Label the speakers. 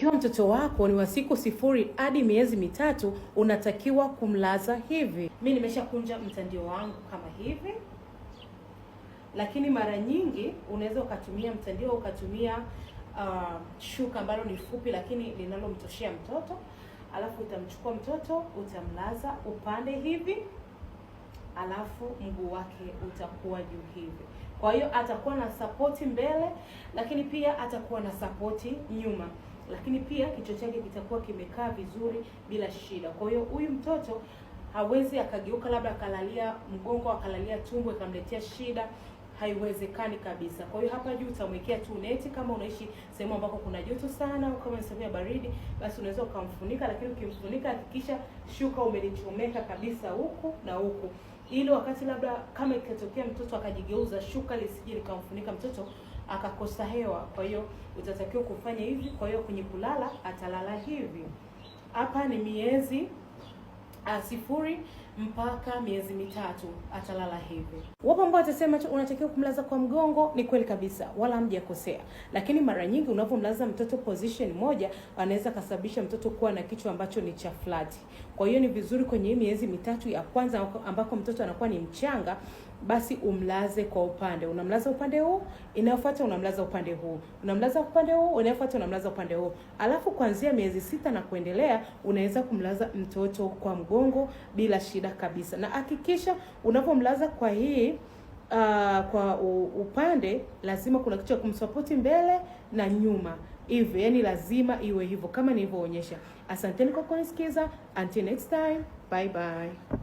Speaker 1: Ikiwa mtoto wako ni wa siku sifuri hadi miezi mitatu, unatakiwa kumlaza hivi. Mi nimeshakunja mtandio wangu kama hivi, lakini mara nyingi unaweza ukatumia mtandio, ukatumia uh, shuka ambalo ni fupi lakini linalomtoshea mtoto. Alafu utamchukua mtoto, utamlaza upande hivi, alafu mguu wake utakuwa juu hivi kwa hiyo atakuwa na sapoti mbele, lakini pia atakuwa na sapoti nyuma lakini pia kichwa chake kitakuwa kimekaa vizuri bila shida. Kwa hiyo huyu mtoto hawezi akageuka labda akalalia mgongo akalalia tumbo ikamletea shida, haiwezekani kabisa. Kwa hiyo hapa juu utamwekea tu neti, kama unaishi sehemu ambako kuna joto sana au kama sehemu ya baridi, basi unaweza ukamfunika, lakini ukimfunika hakikisha shuka umelichomeka kabisa huku na huku, ili wakati labda kama ikatokea mtoto akajigeuza, shuka lisije likamfunika mtoto akakosa hewa, kwa hiyo utatakiwa kufanya hivi. Kwa hiyo kwenye kulala atalala hivi. Hapa ni miezi a, ah, sifuri mpaka miezi mitatu atalala hivi.
Speaker 2: Wapo ambao watasema unatakiwa kumlaza kwa mgongo. Ni kweli kabisa, wala hamjakosea, lakini mara nyingi unapomlaza mtoto position moja anaweza kasababisha mtoto kuwa na kichwa ambacho ni cha flat. Kwa hiyo ni vizuri kwenye miezi mitatu ya kwanza ambako mtoto anakuwa ni mchanga basi umlaze kwa upande. Unamlaza upande huu, inayofuata unamlaza upande huu, unamlaza upande huu, inayofuata unamlaza upande huu. Alafu kuanzia miezi sita na kuendelea, unaweza kumlaza mtoto kwa mgongo bila shida kabisa, na hakikisha unapomlaza kwa hii Uh, kwa upande lazima kuna kitu cha kumsapoti mbele na nyuma hivyo, yani lazima iwe hivyo kama nilivyoonyesha. Asanteni kwa kunisikiza, until next time, bye bye.